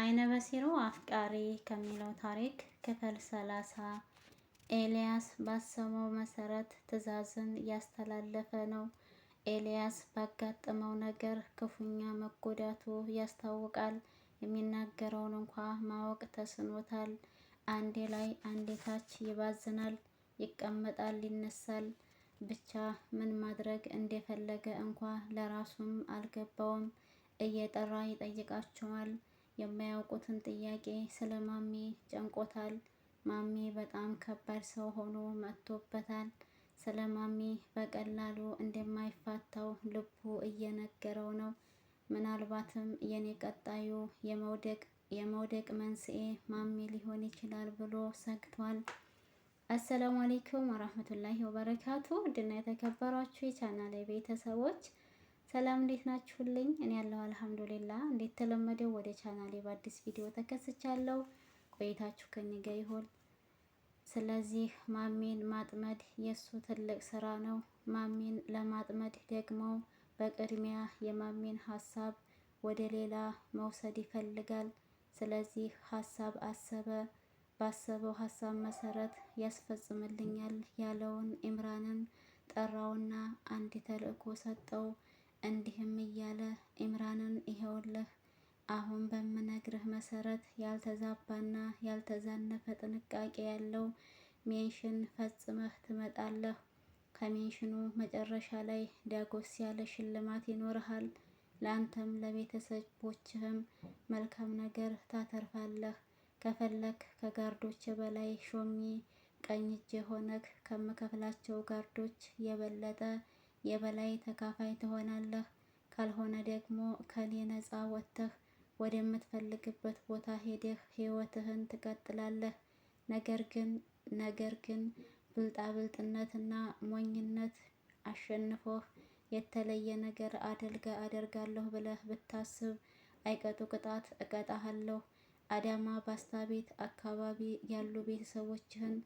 አይነ በሲሮ አፍቃሪ ከሚለው ታሪክ ክፍል ሰላሳ ኤልያስ ባሰመው መሰረት ትዕዛዝን እያስተላለፈ ነው። ኤልያስ ባጋጠመው ነገር ክፉኛ መጎዳቱ ያስታውቃል። የሚናገረውን እንኳ ማወቅ ተስኖታል። አንዴ ላይ አንዴ ታች ይባዝናል፣ ይቀመጣል፣ ይነሳል። ብቻ ምን ማድረግ እንደፈለገ እንኳ ለራሱም አልገባውም። እየጠራ ይጠይቃቸዋል። የማያውቁትን ጥያቄ ስለ ማሜ ጨንቆታል። ማሜ በጣም ከባድ ሰው ሆኖ መጥቶበታል። ስለ ማሜ በቀላሉ እንደማይፋታው ልቡ እየነገረው ነው። ምናልባትም የኔ ቀጣዩ የመውደቅ የመውደቅ መንስኤ ማሜ ሊሆን ይችላል ብሎ ሰግቷል። አሰላሙ አሌይኩም ወራህመቱላሂ ወበረካቱ። ውድና የተከበሯችሁ የቻናል ቤተሰቦች ሰላም እንዴት ናችሁልኝ? እኔ ያለው አልሐምዱሊላ። እንዴት ተለመደው ወደ ቻናሌ በአዲስ ቪዲዮ ተከስቻለሁ። ቆይታችሁ ከኔ ጋር ይሁን። ስለዚህ ማሚን ማጥመድ የሱ ትልቅ ስራ ነው። ማሚን ለማጥመድ ደግሞ በቅድሚያ የማሚን ሀሳብ ወደ ሌላ መውሰድ ይፈልጋል። ስለዚህ ሀሳብ አሰበ። ባሰበው ሀሳብ መሰረት ያስፈጽምልኛል ያለውን ኢምራንን ጠራውና አንድ ተልእኮ ሰጠው። እንዲህም እያለ ኢምራንን ይኸውልህ አሁን በምነግርህ መሰረት ያልተዛባና ያልተዛነፈ ጥንቃቄ ያለው ሜንሽን ፈጽመህ ትመጣለህ። ከሜንሽኑ መጨረሻ ላይ ዳጎስ ያለ ሽልማት ይኖርሃል። ለአንተም ለቤተሰቦችህም መልካም ነገር ታተርፋለህ። ከፈለክ ከጋርዶች በላይ ሾሚ ቀኝ እጅ የሆነክ ከምከፍላቸው ጋርዶች የበለጠ የበላይ ተካፋይ ትሆናለህ። ካልሆነ ደግሞ ከኔ ነፃ ወጥተህ ወደምትፈልግበት ቦታ ሄደህ ህይወትህን ትቀጥላለህ። ነገር ግን ነገር ግን ብልጣብልጥነትና ሞኝነት አሸንፎህ የተለየ ነገር አደልጋ አደርጋለሁ ብለህ ብታስብ አይቀጡ ቅጣት እቀጣሃለሁ። አዳማ ባስታ ቤት አካባቢ ያሉ ቤተሰቦችህን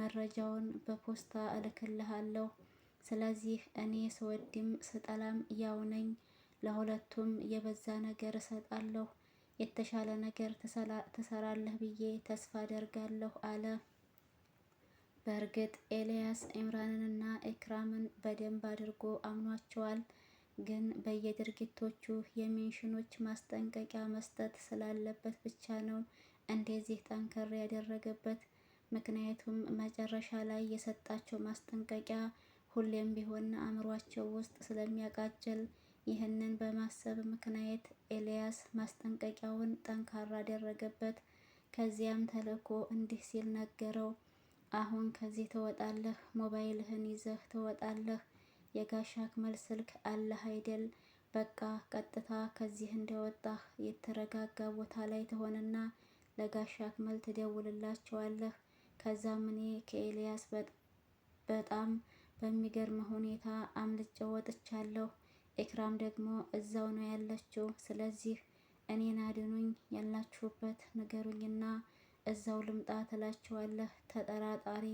መረጃውን በፖስታ እልክልሃለሁ ስለዚህ እኔ ስወድም ስጠላም ያው ነኝ። ለሁለቱም የበዛ ነገር እሰጣለሁ፣ የተሻለ ነገር ትሰራለህ ብዬ ተስፋ አደርጋለሁ አለ። በእርግጥ ኤልያስ ኢምራንንና ኤክራምን በደንብ አድርጎ አምኗቸዋል። ግን በየድርጊቶቹ የሚንሽኖች ማስጠንቀቂያ መስጠት ስላለበት ብቻ ነው እንደዚህ ጠንከር ያደረገበት። ምክንያቱም መጨረሻ ላይ የሰጣቸው ማስጠንቀቂያ ሁሌም ቢሆን አእምሯቸው ውስጥ ስለሚያቃጭል ይህንን በማሰብ ምክንያት ኤልያስ ማስጠንቀቂያውን ጠንካራ አደረገበት። ከዚያም ተልእኮ እንዲህ ሲል ነገረው። አሁን ከዚህ ትወጣለህ፣ ሞባይልህን ይዘህ ትወጣለህ። የጋሻ አክመል ስልክ አለህ አይደል? በቃ ቀጥታ ከዚህ እንደወጣህ የተረጋጋ ቦታ ላይ ትሆንና ለጋሻ አክመል ትደውልላቸዋለህ። ከዛም እኔ ከኤልያስ በጣም በሚገርም ሁኔታ አምልጬ ወጥቻለሁ። ኤክራም ደግሞ እዛው ነው ያለችው። ስለዚህ እኔን አድኑኝ፣ ያላችሁበት ንገሩኝና እዛው ልምጣ ትላችኋለህ። ተጠራጣሪ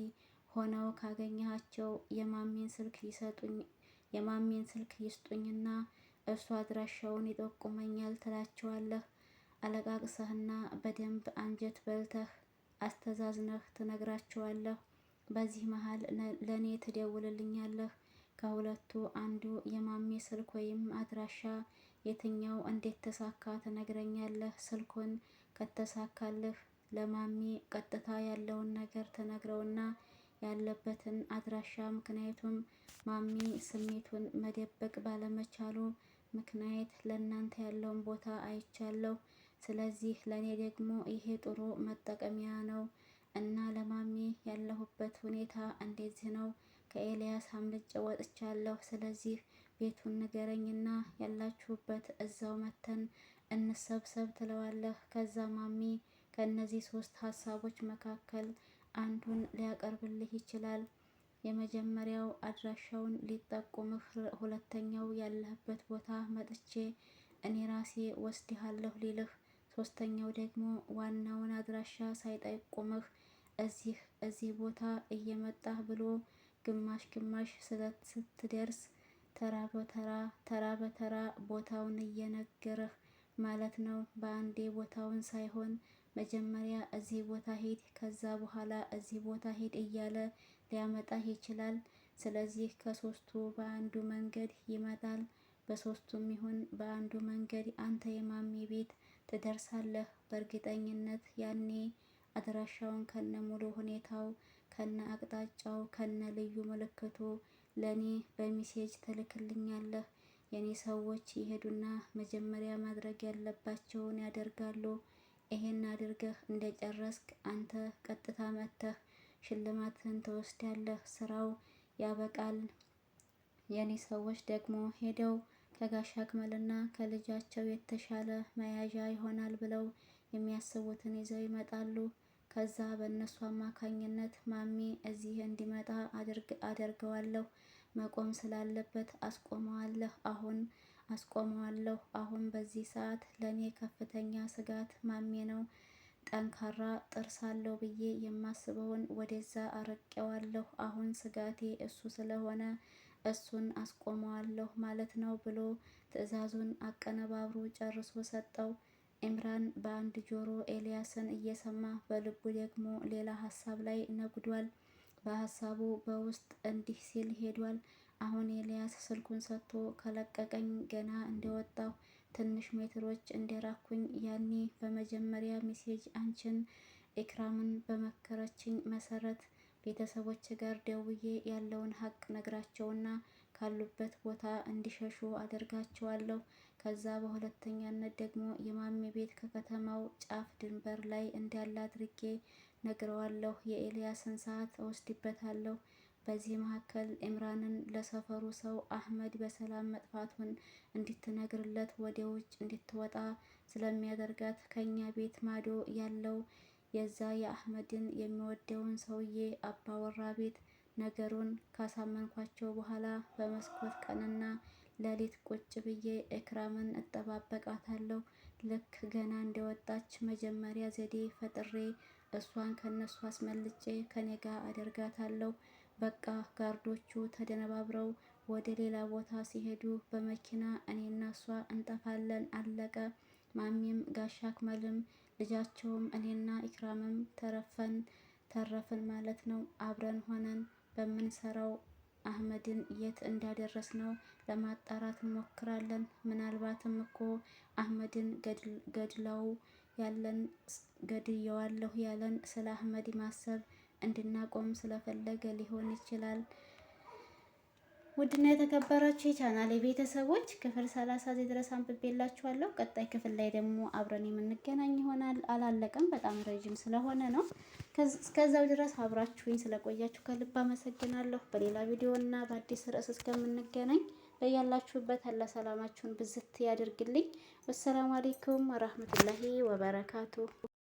ሆነው ካገኘሃቸው የማሜን ስልክ ይሰጡኝ የማሜን ስልክ ይስጡኝና እሱ አድራሻውን ይጠቁመኛል ትላችኋለህ። አለቃቅሰህና በደንብ አንጀት በልተህ አስተዛዝነህ ትነግራችኋለህ። በዚህ መሀል ለእኔ ትደውልልኛለህ። ከሁለቱ አንዱ የማሜ ስልክ ወይም አድራሻ የትኛው እንዴት ተሳካ ትነግረኛለህ። ስልኩን ከተሳካልህ ለማሜ ቀጥታ ያለውን ነገር ትነግረውና ያለበትን አድራሻ ምክንያቱም ማሚ ስሜቱን መደበቅ ባለመቻሉ ምክንያት ለእናንተ ያለውን ቦታ አይቻለሁ። ስለዚህ ለእኔ ደግሞ ይሄ ጥሩ መጠቀሚያ ነው እና ለማሚ ያለሁበት ሁኔታ እንደዚህ ነው። ከኤልያስ አምልጬ ወጥቻለሁ። ስለዚህ ቤቱን ንገረኝና ያላችሁበት እዛው መተን እንሰብሰብ ትለዋለህ። ከዛ ማሚ ከእነዚህ ሶስት ሀሳቦች መካከል አንዱን ሊያቀርብልህ ይችላል። የመጀመሪያው አድራሻውን ሊጠቁምህ፣ ሁለተኛው ያለህበት ቦታ መጥቼ እኔ ራሴ ወስድሃለሁ ሊልህ፣ ሶስተኛው ደግሞ ዋናውን አድራሻ ሳይጠቁምህ እዚህ እዚህ ቦታ እየመጣህ ብሎ ግማሽ ግማሽ ስለት ስትደርስ ተራ በተራ ተራ በተራ ቦታውን እየነገረህ ማለት ነው። በአንዴ ቦታውን ሳይሆን መጀመሪያ እዚህ ቦታ ሄድ ከዛ በኋላ እዚህ ቦታ ሄድ እያለ ሊያመጣህ ይችላል። ስለዚህ ከሶስቱ በአንዱ መንገድ ይመጣል። በሶስቱም ይሁን በአንዱ መንገድ አንተ የማሚ ቤት ትደርሳለህ በእርግጠኝነት ያኔ አድራሻውን ከነ ሙሉ ሁኔታው ከነ አቅጣጫው ከነ ልዩ ምልክቱ ለኔ በሚሴጅ ትልክልኛለህ። የኔ ሰዎች ይሄዱና መጀመሪያ ማድረግ ያለባቸውን ያደርጋሉ። ይሄን አድርገህ እንደጨረስክ አንተ ቀጥታ መጥተህ ሽልማትን ትወስዳለህ። ስራው ያበቃል። የኔ ሰዎች ደግሞ ሄደው ከጋሻ አክመልና ከልጃቸው የተሻለ መያዣ ይሆናል ብለው የሚያስቡትን ይዘው ይመጣሉ። ከዛ በእነሱ አማካኝነት ማሚ እዚህ እንዲመጣ አደርገዋለሁ። መቆም ስላለበት አስቆመዋለሁ። አሁን አስቆመዋለሁ። አሁን በዚህ ሰዓት ለእኔ ከፍተኛ ስጋት ማሜ ነው። ጠንካራ ጥርስ አለው ብዬ የማስበውን ወደዛ አረቄዋለሁ። አሁን ስጋቴ እሱ ስለሆነ እሱን አስቆመዋለሁ ማለት ነው ብሎ ትዕዛዙን አቀነባብሮ ጨርሶ ሰጠው። ኢምራን በአንድ ጆሮ ኤልያስን እየሰማ በልቡ ደግሞ ሌላ ሀሳብ ላይ ነጉዷል። በሀሳቡ በውስጥ እንዲህ ሲል ሄዷል። አሁን ኤልያስ ስልኩን ሰጥቶ ከለቀቀኝ ገና እንደወጣሁ ትንሽ ሜትሮች እንደራኩኝ ያኔ በመጀመሪያ ሜሴጅ አንቺን ኢክራምን በመከረችኝ መሰረት ቤተሰቦች ጋር ደውዬ ያለውን ሀቅ ነግራቸውና ካሉበት ቦታ እንዲሸሹ አደርጋቸዋለሁ። ከዛ በሁለተኛነት ደግሞ የማሜ ቤት ከከተማው ጫፍ ድንበር ላይ እንዳለ አድርጌ ነግረዋለሁ። የኤልያስን ሰዓት እወስድበታለሁ። በዚህ መካከል ኢምራንን ለሰፈሩ ሰው አህመድ በሰላም መጥፋቱን እንድትነግርለት ወደ ውጭ እንድትወጣ ስለሚያደርጋት ከኛ ቤት ማዶ ያለው የዛ የአህመድን የሚወደውን ሰውዬ አባወራ ቤት ነገሩን ካሳመንኳቸው በኋላ በመስኮት ቀንና ለሊት ቁጭ ብዬ እክራምን እጠባበቃታለሁ። ልክ ገና እንደወጣች መጀመሪያ ዘዴ ፈጥሬ እሷን ከነሱ አስመልጬ ከኔ ጋር አደርጋታለሁ። በቃ ጋርዶቹ ተደነባብረው ወደ ሌላ ቦታ ሲሄዱ በመኪና እኔና እሷ እንጠፋለን። አለቀ። ማሚም ጋሻ አክመልም ልጃቸውም እኔና ኢክራምም ተረፈን ተረፍን ማለት ነው። አብረን ሆነን በምንሰራው አህመድን የት እንዳደረስ ነው ለማጣራት እንሞክራለን። ምናልባትም እኮ አህመድን ገድለው ያለን ገድየዋለሁ ያለን ስለ አህመድ ማሰብ እንድናቆም ስለፈለገ ሊሆን ይችላል። ውድና የተከበራችሁ የቻናል የቤተሰቦች ክፍል ሰላሳ እዚህ ድረስ አንብቤላችኋለሁ። ቀጣይ ክፍል ላይ ደግሞ አብረን የምንገናኝ ይሆናል። አላለቀም፣ በጣም ረዥም ስለሆነ ነው። እስከዛው ድረስ አብራችሁኝ ስለቆያችሁ ከልብ አመሰግናለሁ። በሌላ ቪዲዮ እና በአዲስ ርዕስ እስከምንገናኝ በያላችሁበት አለ ሰላማችሁን ብዝት ያድርግልኝ። ወሰላሙ አሌይኩም ወረህመቱላሂ ወበረካቱ